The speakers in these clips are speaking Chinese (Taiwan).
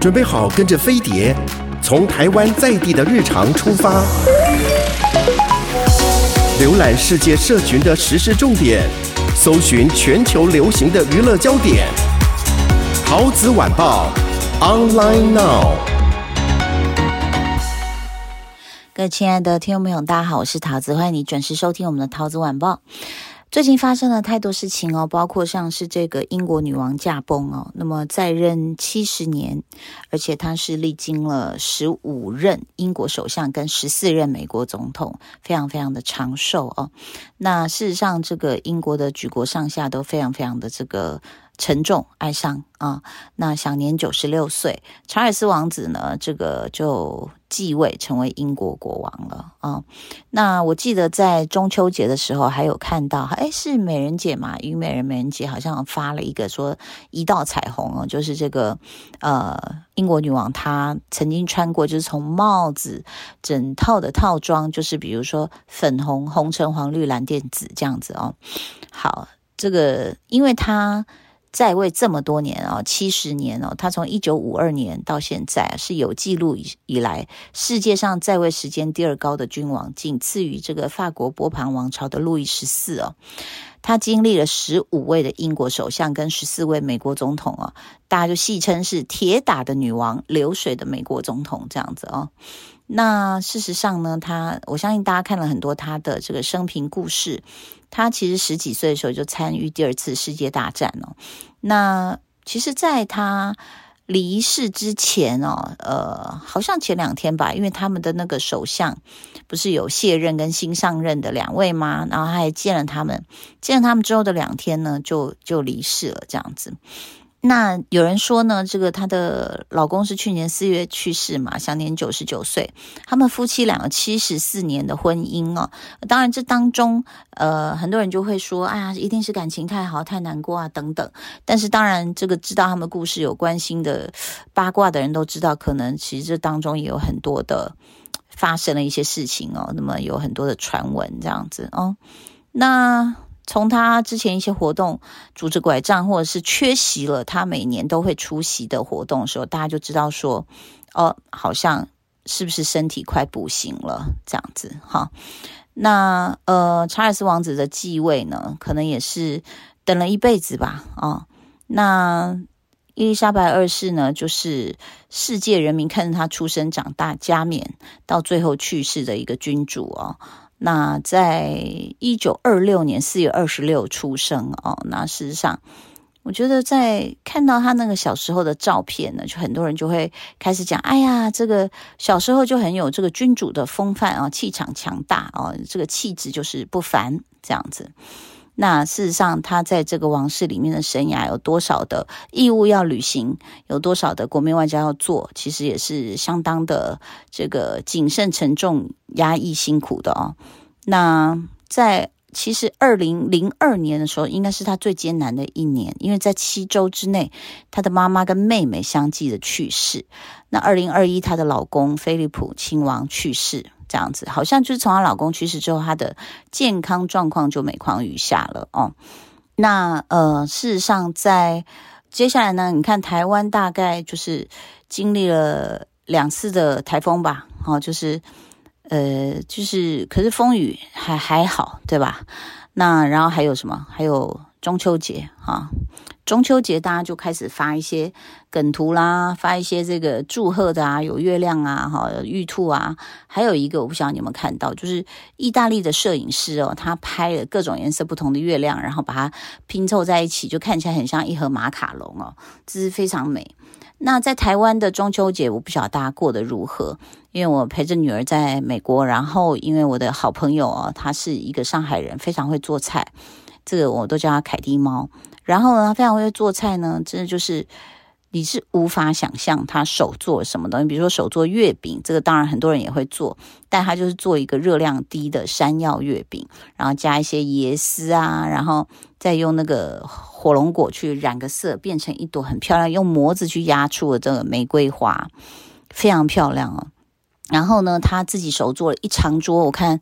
準備好，跟着飛碟，從台灣在地的日常出發，瀏覽世界社群的時事重點，搜尋全球流行的娛樂焦點。陶子晚報，online now。各位親愛的聽眾朋友，大家好，我是陶子，歡迎你準時收聽我們的陶子晚報。最近發生了太多事情哦，包括像是這個英國女王駕崩哦，那麼在任七十年，而且她是歷經了十五任英國首相跟十四任美國總統，非常非常的長壽哦。那事實上，這個英國的舉國上下都非常非常的這個沉重哀傷啊。那享年九十六歲，查爾斯王子呢，這個就。繼位成為英國國王了啊、哦！那我記得在中秋節的時候，還有看到，誒是美人姐嘛？於美人美人姐好像發了一個說一道彩虹哦，就是這個呃，英國女王她曾經穿過，就是從帽子整套的套裝，就是比如說粉紅、紅、橙、黃、綠、藍、靛、紫這樣子哦。好，這個因為她。在位這麼多年啊，七十年哦，他從一九五二年到現在是有記錄以以來，世界上在位時間第二高的君王，僅次於這個法國波旁王朝的路易十四哦。他經歷了十五位的英國首相跟十四位美國總統，大家就戲稱是鐵打的女王，流水的美國總統這樣子哦。那事實上呢，他我相信大家看了很多他的這個生平故事。他其實十幾歲的時候就參與第二次世界大戰哦。那其實，在他離世之前哦，呃，好像前兩天吧，因為他們的那個首相不是有卸任跟新上任的兩位嗎？然後他還見了他們，見了他們之後的兩天呢，就就離世了，這樣子。那有人說呢，這個她的老公是去年四月去世嘛，享年九十九歲。他們夫妻兩個七十四年的婚姻哦。當然這當中，呃，很多人就會說，哎呀，一定是感情太好，太難過啊等等。但是當然，這個知道他們故事有關心的八卦的人都知道，可能其實這當中也有很多的，發生了一些事情哦。那麼有很多的傳聞這樣子哦。那。從他之前一些活動拄着拐杖，或者是缺席了他每年都會出席的活動的時候，大家就知道說，哦，好像是不是身體快不行了這樣子哈、哦。那呃，查爾斯王子的繼位呢，可能也是等了一輩子吧啊、哦。那伊麗莎白二世呢，就是世界人民看着他出生、長大、加冕，到最後去世的一個君主哦。那在一九二六年四月二十六出生哦。那事實上，我覺得在看到他那個小時候的照片呢，就很多人就會開始講：“哎呀，這個小時候就很有這個君主的風範啊、哦，氣場強大啊、哦，這個氣質就是不凡這樣子。”那事實上，他在這個王室裡面的生涯有多少的義務要履行，有多少的國民外交要做，其實也是相當的這個謹慎、沉重、壓抑、辛苦的哦。那在其實二零零二年的時候，應該是他最艱難的一年，因為在七周之內，他的媽媽跟妹妹相繼的去世。那二零二一，他的老公菲利普親王去世。這樣子好像就是從她老公去世之後，她的健康狀況就每況愈下了哦。那呃，事實上在接下來呢，你看台灣大概就是經歷了兩次的台風吧，哦，就是呃，就是可是風雨還還好，對吧？那然後還有什麼？還有中秋節啊。哦中秋節，大家就開始發一些梗圖啦，發一些這個祝賀的啊，有月亮啊，哈，玉兔啊，還有一個我不曉得你有沒有看到，就是意大利的攝影師哦，他拍了各種顏色不同的月亮，然後把它拼湊在一起，就看起來很像一盒馬卡龍哦，這是非常美。那在台灣的中秋節，我不曉得大家過得如何，因為我陪着女兒在美國，然後因為我的好朋友哦，她是一個上海人，非常會做菜，這個我都叫她凱蒂貓。然後呢，他非常會做菜呢，真的就是你是無法想象他手做什麼東西。比如說手做月餅，這個當然很多人也會做，但他就是做一個熱量低的山藥月餅，然後加一些椰絲啊，然後再用那個火龍果去染個色，變成一朵很漂亮，用模子去壓出的這個玫瑰花，非常漂亮哦。然後呢，他自己手做了一長桌，我看，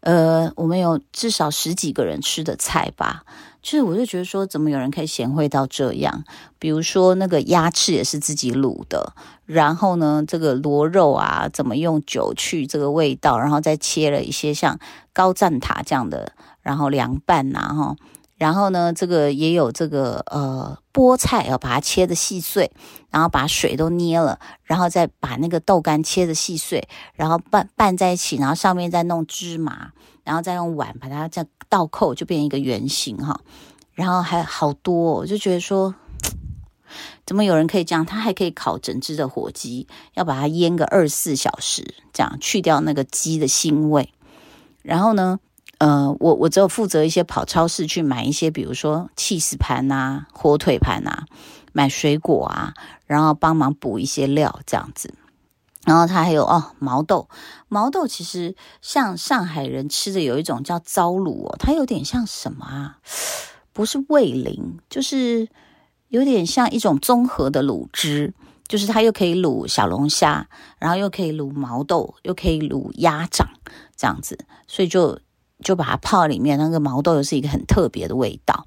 呃，我們有至少十幾個人吃的菜吧。其實我就覺得說，怎麼有人可以賢惠到這樣？比如說那個鴨翅也是自己滷的，然後呢，這個螺肉啊，怎麼用酒去這個味道，然後再切了一些像高贊塔這樣的，然後涼拌吶、啊，哈。然後呢，這個也有這個呃菠菜，哦，要把它切的細碎，然後把水都捏了，然後再把那個豆干切的細碎，然後拌拌在一起，然後上面再弄芝麻，然後再用碗把它再倒扣，就變成一個圓形哈，哦。然後還好多，哦，我就覺得說，怎麼有人可以這樣？他還可以烤整隻的火雞，要把它醃個二十四小時，這樣去掉那個雞的腥味。然後呢？呃，我我只有負責一些跑超市去買一些，比如說起司盤吶、啊、火腿盤吶、啊，買水果啊，然後幫忙補一些料這樣子。然後他還有哦，毛豆，毛豆其實像上海人吃的有一種叫糟滷哦，它有點像什麼啊？不是味淋，就是有點像一種綜合的滷汁，就是它又可以滷小龍蝦，然後又可以滷毛豆，又可以滷鴨掌這樣子，所以就。就把它泡在裡面，那個毛豆又是一個很特別的味道。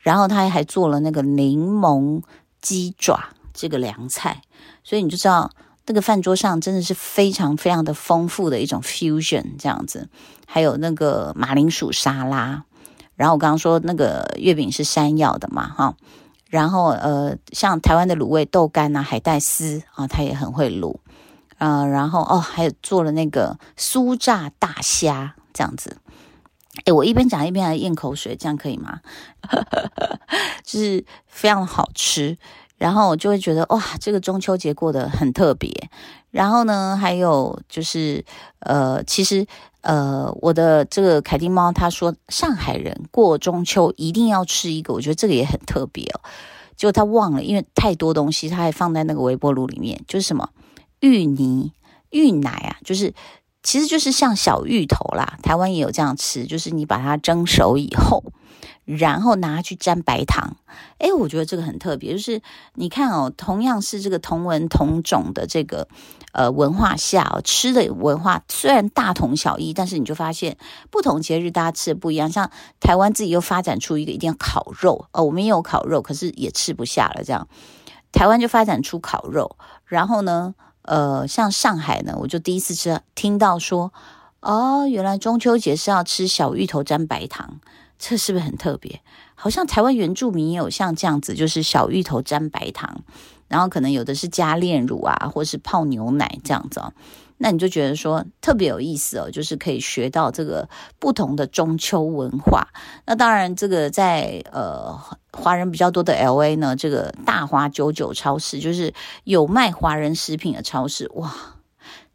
然後他還做了那個檸檬雞爪這個涼菜，所以你就知道那個飯桌上真的是非常非常的豐富的一種 fusion 這樣子。還有那個馬鈴薯沙拉。然後我剛剛說那個月餅是山藥的嘛，哈、哦。然後呃，像台灣的滷味豆乾吶、啊、海帶絲啊，他也很會滷。呃，然後哦，還有做了那個酥炸大蝦這樣子。誒，我一邊講一邊還嚥口水，這樣可以嗎？ 就是非常好吃，然後我就會覺得哇、哦，這個中秋節過得很特別。然後呢，還有就是呃，其實呃，我的這個凱蒂貓他說上海人過中秋一定要吃一個，我覺得這個也很特別哦。結果他忘了，因為太多東西，他還放在那個微波爐裡面，就是什麼芋泥、芋奶啊，就是。其實就是像小芋頭啦，台灣也有這樣吃，就是你把它蒸熟以後，然後拿它去沾白糖。誒，我覺得這個很特別，就是你看哦，同樣是這個同文同種的這個呃文化下哦，吃的文化雖然大同小異，但是你就發現不同節日大家吃的不一樣。像台灣自己又發展出一個一定要烤肉哦，我們也有烤肉，可是也吃不下了這樣，台灣就發展出烤肉，然後呢？呃，像上海呢，我就第一次吃，聽到說，哦，原來中秋節是要吃小芋頭沾白糖，這是不是很特別？好像台灣原住民也有像這樣子，就是小芋頭沾白糖，然後可能有的是加煉乳啊，或是泡牛奶這樣子哦。那你就覺得說特別有意思哦，就是可以學到這個不同的中秋文化。那當然，這個在呃華人比較多的 L A 呢，這個大華九九超市就是有賣華人食品的超市。哇，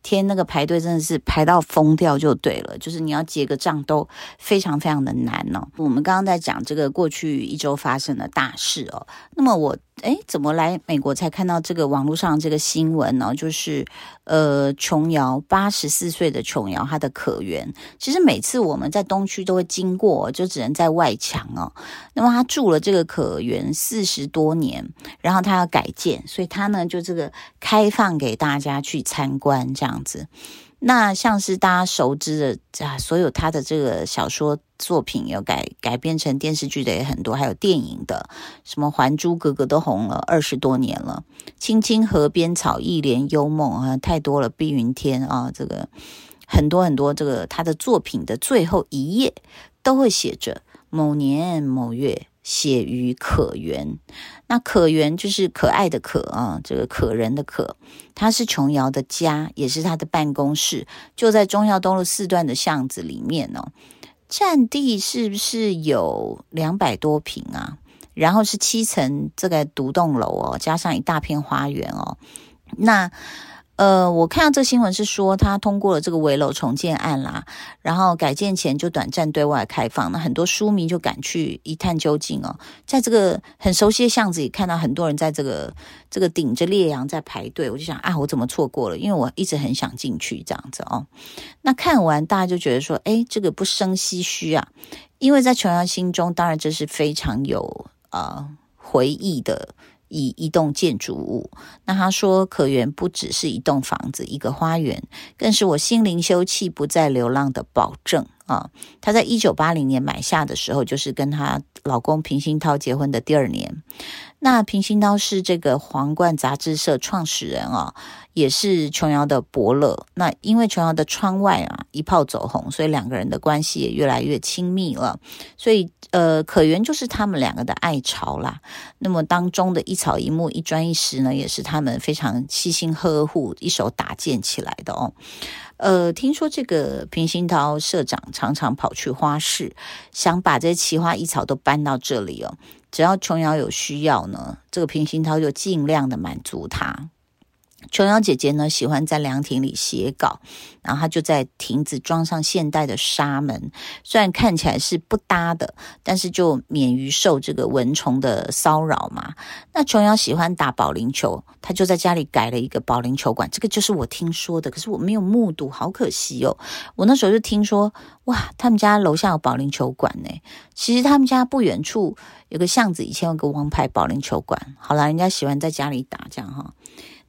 天，那個排隊真的是排到瘋掉就對了，就是你要結個賬都非常非常的難呢哦。我們剛剛在講這個過去一周發生的大事哦，那麼我。哎，怎麼來美國才看到這個網絡上這個新聞呢？哦？就是，呃，瓊瑤八十四歲的瓊瑤，她的可園，其實每次我們在東區都會經過哦，就只能在外牆哦。那麼她住了這個可園四十多年，然後她要改建，所以她呢就這個開放給大家去參觀這樣子。那像是大家熟知的啊，所有他的這個小說作品有改改編成電視劇的也很多，還有電影的，什麼《還珠格格》都紅了二十多年了，《青青河邊草》，一簾幽夢啊，太多了，《碧雲天》啊，這個很多很多這個他的作品的最後一頁都會寫着某年某月，寫於可園，那可園就是可愛的可啊，這個可人的可，它是瓊瑤的家，也是她的辦公室，就在忠孝東路四段的巷子裡面哦，占地是不是有兩百多坪啊？然後是七層這個獨棟樓哦，加上一大片花園哦，那。呃，我看到這新聞是說，他通過了這個危樓重建案啦，然後改建前就短暫對外開放，那很多書迷就趕去一探究竟哦。在這個很熟悉的巷子裡，看到很多人在這個這個頂着烈陽在排隊，我就想啊，我怎麼錯過了？因為我一直很想進去這樣子哦。那看完大家就覺得說，哎，這個不勝唏噓啊，因為在瓊瑤心中，當然這是非常有啊、呃、回憶的。以一棟建築物，那他說可園不只是一棟房子、一個花園，更是我心靈休憩、不再流浪的保證啊！他在一九八零年買下的時候，就是跟他老公平鑫濤結婚的第二年。那平鑫濤是這個皇冠雜誌社創始人哦，也是瓊瑤的伯樂。那因為瓊瑤的《窗外》啊一炮走紅，所以兩個人的關係也越來越親密了。所以呃，可園就是他們兩個的愛巢啦。那麼當中的一草一木、一磚一石呢，也是他們非常細心呵護、一手搭建起來的哦。呃，聽說這個平鑫濤社長常常跑去花市，想把這奇花異草都搬到這裡哦。只要瓊瑤有需要呢，這個平鑫濤就盡量的滿足他。瓊瑤姐姐呢，喜歡在涼亭裡寫稿，然後她就在亭子裝上現代的紗門，雖然看起來是不搭的，但是就免於受這個蚊蟲的騷擾嘛。那瓊瑤喜歡打保齡球，她就在家裡改了一個保齡球館，這個就是我聽說的，可是我沒有目睹，好可惜哦。我那時候就聽說，哇，他們家樓下有保齡球館呢、欸。其實他們家不遠處有個巷子，以前有個王牌保齡球館。好了，人家喜歡在家裡打這樣哈。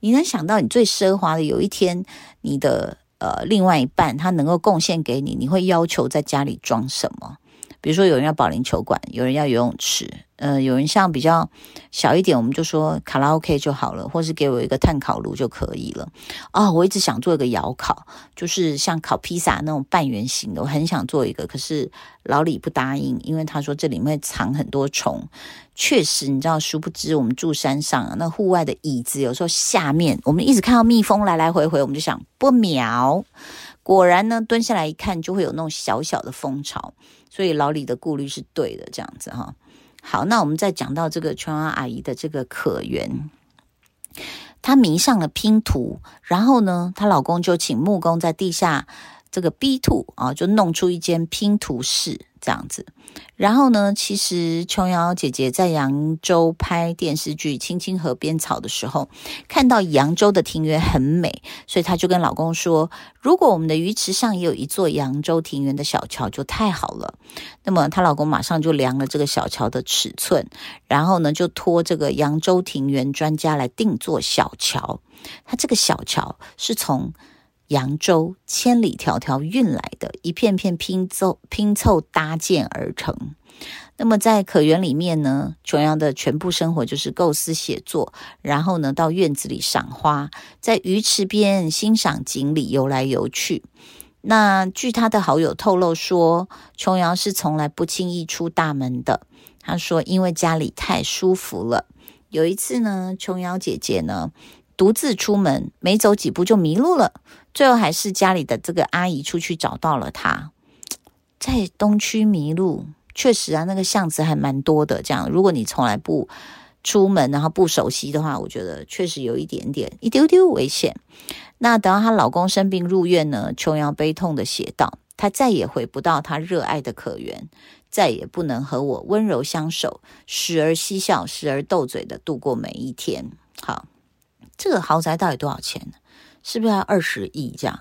你能想到你最奢華的，有一天，你的呃另外一半他能夠貢獻給你，你會要求在家裡裝什麼？比如說，有人要保齡球館，有人要游泳池，呃有人像比較小一點，我們就說卡拉 OK 就好了，或是給我一個炭烤爐就可以了。哦我一直想做一個窑烤，就是像烤披薩那種半圓形的，我很想做一個，可是老李不答應，因為他說這裡面會藏很多蟲。確實，你知道，殊不知我們住山上啊，，那戶外的椅子有時候下面，我們一直看到蜜蜂來來回回，我們就想不妙。果然呢，蹲下來一看，就會有那種小小的蜂巢，所以老李的顧慮是對的，這樣子哈、哦。好，那我們再講到這個瓊瑤阿姨的這個可園。她迷上了拼圖，然後呢，她老公就請木工在地下這個 B2 啊，就弄出一間拼圖室。這樣子，然後呢，其實瓊瑤姐姐在揚州拍電視劇《青青河邊草》的時候，看到揚州的庭園很美，所以她就跟老公說：“如果我們的魚池上也有一座揚州庭園的小橋，就太好了。”那麼她老公馬上就量了這個小橋的尺寸，然後呢，就托這個揚州庭園專家來定做小橋。她這個小橋是從揚州千里迢迢運來的一片片拼湊拼湊搭建而成。那麼在可園裡面呢，瓊瑤的全部生活就是構思寫作，然後呢，到院子裡賞花，在魚池邊欣賞錦鯉游來游去。那據她的好友透露說，瓊瑤是從來不輕易出大門的。她說，因為家裡太舒服了。有一次呢，瓊瑤姐姐呢，獨自出門，沒走幾步就迷路了。最後還是家裡的這個阿姨出去找到了他，在東區迷路，確實啊，那個巷子還蠻多的。這樣，如果你從來不出門，然後不熟悉的話，我覺得確實有一點點一丟丟危險。那等到她老公生病入院呢，瓊瑤悲痛的寫道：“她再也回不到她熱愛的可園，再也不能和我溫柔相守，時而嬉笑，時而鬥嘴的度過每一天。”好。這個豪宅到底多少錢呢？是不是要二十億這樣？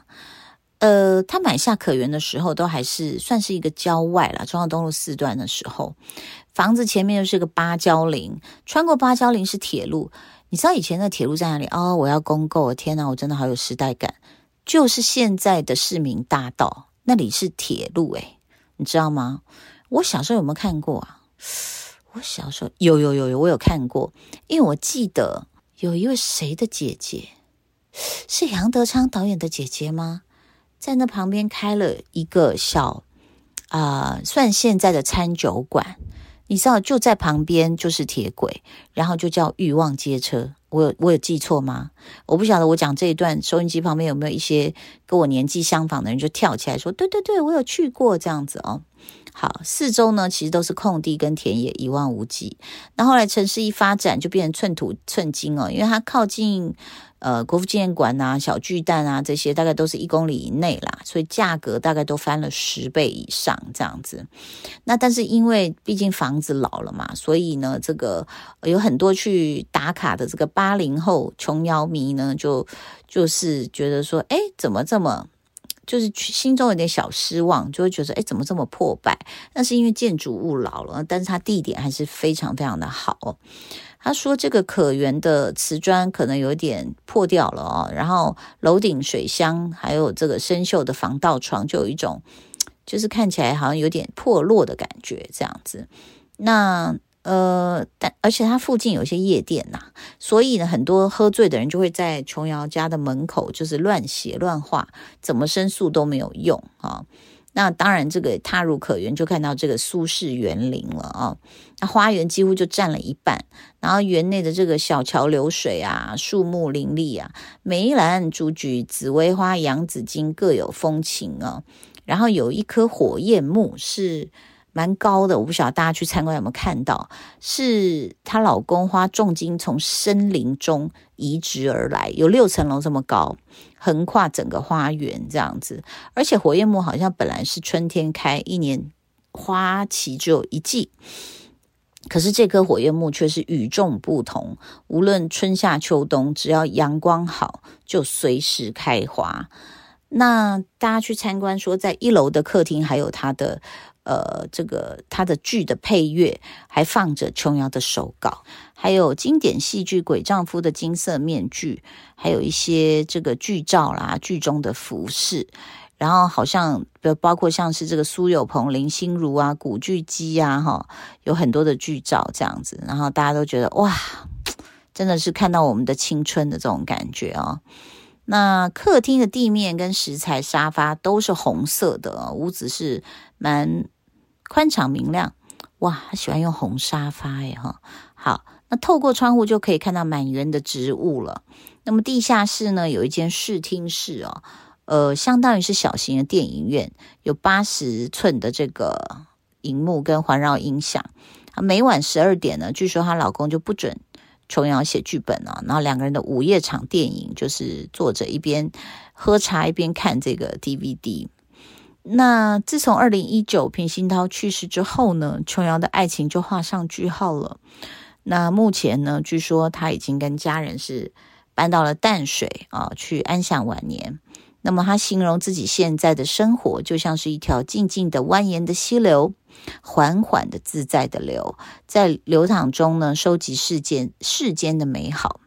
呃，他買下可園的時候，都還是算是一個郊外啦，中央東路四段的時候，房子前面就是一個芭蕉林，穿過芭蕉林是鐵路。你知道以前的鐵路在哪裡？哦，我要公購，天啊，我真的好有時代感，就是現在的市民大道那裡是鐵路，欸，哎，你知道嗎？我小時候有沒有看過啊？我小時候有有有有，我有看過，因為我記得。有一位誰的姐姐？是楊德昌導演的姐姐嗎？在那旁邊開了一個小，啊、呃，算現在的餐酒館，你知道就在旁邊就是鐵軌，然後就叫欲望街車。我有我有記錯嗎？我不曉得。我講這一段，收音機旁邊有沒有一些跟我年紀相仿的人就跳起來說：“對對對，我有去過這樣子哦。”好，四周呢其實都是空地跟田野，一望無際。那後來城市一發展，就變成寸土寸金哦，因為它靠近呃國父紀念館吶、啊、小巨蛋啊這些，大概都是一公里以內啦，所以價格大概都翻了十倍以上這樣子。那但是因為畢竟房子老了嘛，所以呢，這個有很多去打卡的這個八零後瓊瑤迷呢，就就是覺得說，哎，怎麼這麼？就是心中有點小失望，就會覺得哎，怎麼這麼破敗？那是因為建築物老了，但是它地點還是非常非常的好。他說這個可園的瓷磚可能有點破掉了哦，然後樓頂水箱還有這個生鏽的防盜窗，就有一種就是看起來好像有點破落的感覺這樣子。那呃，但而且它附近有一些夜店吶、啊，所以呢，很多喝醉的人就會在瓊瑤家的門口就是亂寫亂畫，怎麼申訴都沒有用啊。那當然，這個踏入可園就看到這個蘇式園林了啊。那花園幾乎就佔了一半，然後園內的這個小橋流水啊，樹木林立啊，梅蘭竹菊、紫薇花、洋紫荊各有風情啊。然後有一棵火焰木是。蠻高的，我不曉得大家去參觀有沒有看到，是她老公花重金從森林中移植而來，有六層樓這麼高，橫跨整個花園這樣子。而且火焰木好像本來是春天開，一年花期只有一季，可是這棵火焰木卻是與眾不同，無論春夏秋冬，只要陽光好，就隨時開花。那大家去參觀說，在一樓的客廳還有它的。呃，這個他的劇的配樂還放着瓊瑤的手稿，還有經典戲劇《鬼丈夫》的金色面具，還有一些這個劇照啦、劇中的服飾，然後好像包括像是這個蘇有朋、林心如啊、古巨基啊，哈、哦，有很多的劇照這樣子，然後大家都覺得哇，真的是看到我們的青春的這種感覺哦。那客廳的地面跟石材沙發都是紅色的，屋子是蠻寬敞明亮，哇，他喜歡用紅沙發耶。哈、哦。好，那透過窗戶就可以看到滿園的植物了。那麼地下室呢，有一間視聽室哦，呃，相當於是小型的電影院，有八十寸的這個熒幕跟環繞音響。啊，每晚十二點呢，據說她老公就不准瓊瑤寫劇本哦，然後兩個人的午夜場電影就是坐着一邊喝茶一邊看這個 DVD。那自從二零一九平鑫濤去世之後呢，瓊瑤的愛情就畫上句號了。那目前呢，據說她已經跟家人是搬到了淡水啊、哦，去安享晚年。那麼她形容自己現在的生活就像是一條靜靜的蜿蜒的溪流，緩緩的自在的流，在流淌中呢，收集世間世間的美好。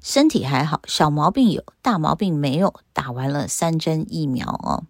身體還好，小毛病有，大毛病沒有。打完了三針疫苗哦。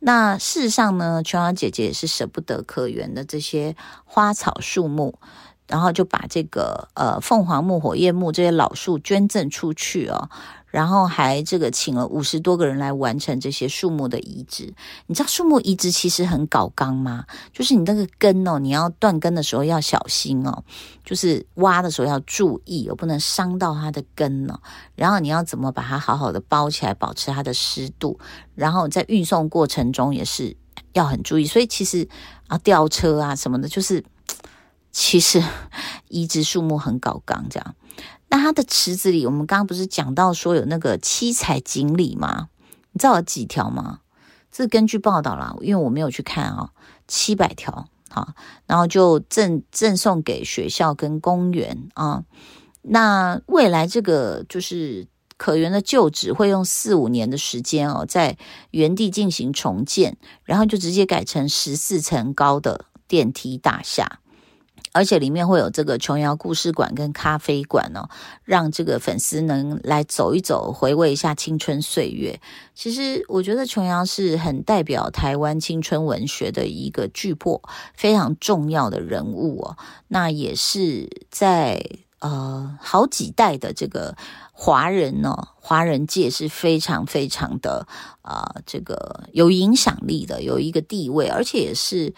那事實上呢，瓊瑤姐姐也是捨不得可園的這些花草樹木，然後就把這個呃鳳凰木、火焰木這些老樹捐贈出去哦。然後還這個請了五十多個人來完成這些樹木的移植。你知道樹木移植其實很搞剛嗎？就是你那個根哦，你要斷根的時候要小心哦，就是挖的時候要注意，不能傷到它的根哦。然後你要怎麼把它好好的包起來，保持它的濕度，然後在運送過程中也是要很注意。所以其實啊，吊車啊什麼的，就是其實移植樹木很搞剛這樣。那它的池子裡，我們剛剛不是講到說有那個七彩錦鯉嗎？你知道有幾條嗎？這是根據報道啦，因為我沒有去看啊、哦，七百條，啊，然後就贈贈送給學校跟公園啊。那未來這個就是可園的舊址，會用四五年的時間哦，在原地進行重建，然後就直接改成十四層高的電梯大廈。而且裡面會有這個瓊瑤故事館跟咖啡館哦、喔，讓這個粉絲能來走一走，回味一下青春歲月。其實我覺得瓊瑤是很代表台灣青春文學的一個巨擘，非常重要的人物哦、喔。那也是在呃好幾代的這個華人呢、喔，華人界是非常非常的啊、呃，這個有影響力的，有一個地位，而且也是。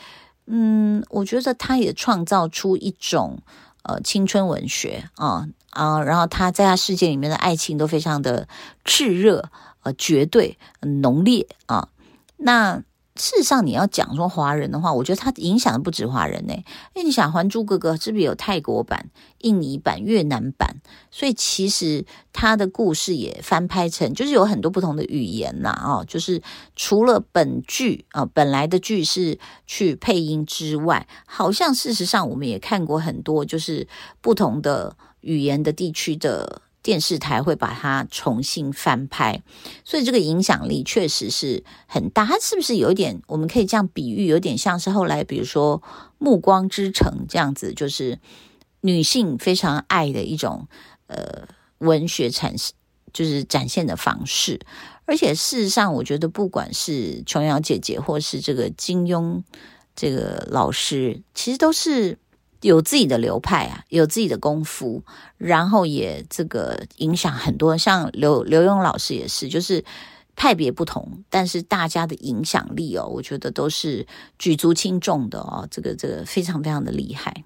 嗯，我覺得他也創造出一種呃青春文學啊啊，然後他在他世界裡面的愛情都非常的熾熱，呃，絕對濃烈啊。那事實上，你要講說華人的話，我覺得它影響的不止華人、欸、因為，你想《還珠格格》是不是有泰國版、印尼版、越南版？所以其實它的故事也翻拍成，就是有很多不同的語言吶。哦，就是除了本劇啊、呃、本來的劇是去配音之外，好像事實上我們也看過很多，就是不同的語言的地區的。電視台會把它重新翻拍，所以這個影響力確實是很大。它是不是有點？我們可以這樣比喻，有點像是後來比如說《暮光之城》這樣子，就是女性非常愛的一種呃文學產，就是展現的方式。而且事實上，我覺得不管是瓊瑤姐姐，或是這個金庸這個老師，其實都是。有自己的流派啊，有自己的功夫，然後也這個影響很多，像劉劉勇老師也是，就是派別不同，但是大家的影響力哦，我覺得都是舉足輕重的哦，這個這個非常非常的厲害。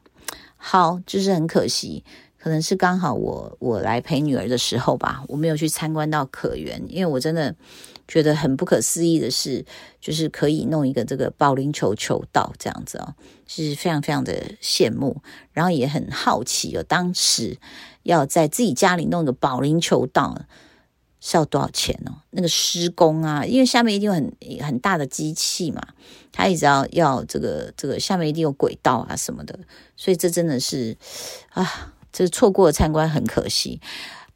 好，就是很可惜。可能是剛好我我來陪女兒的時候吧，我沒有去參觀到可園，因為我真的覺得很不可思議的是，就是可以弄一個這個保齡球球道這樣子哦，是非常非常的羨慕，然後也很好奇哦，當時要在自己家裡弄個保齡球道是要多少錢哦？那個施工啊，因為下面一定有很很大的機器嘛，他一直要要這個這個下面一定有軌道啊什麼的，所以這真的是啊。這錯過了參觀很可惜，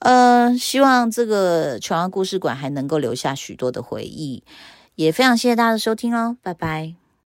呃，希望這個瓊瑤故事館還能夠留下許多的回憶，也非常謝謝大家的收聽哦，拜拜。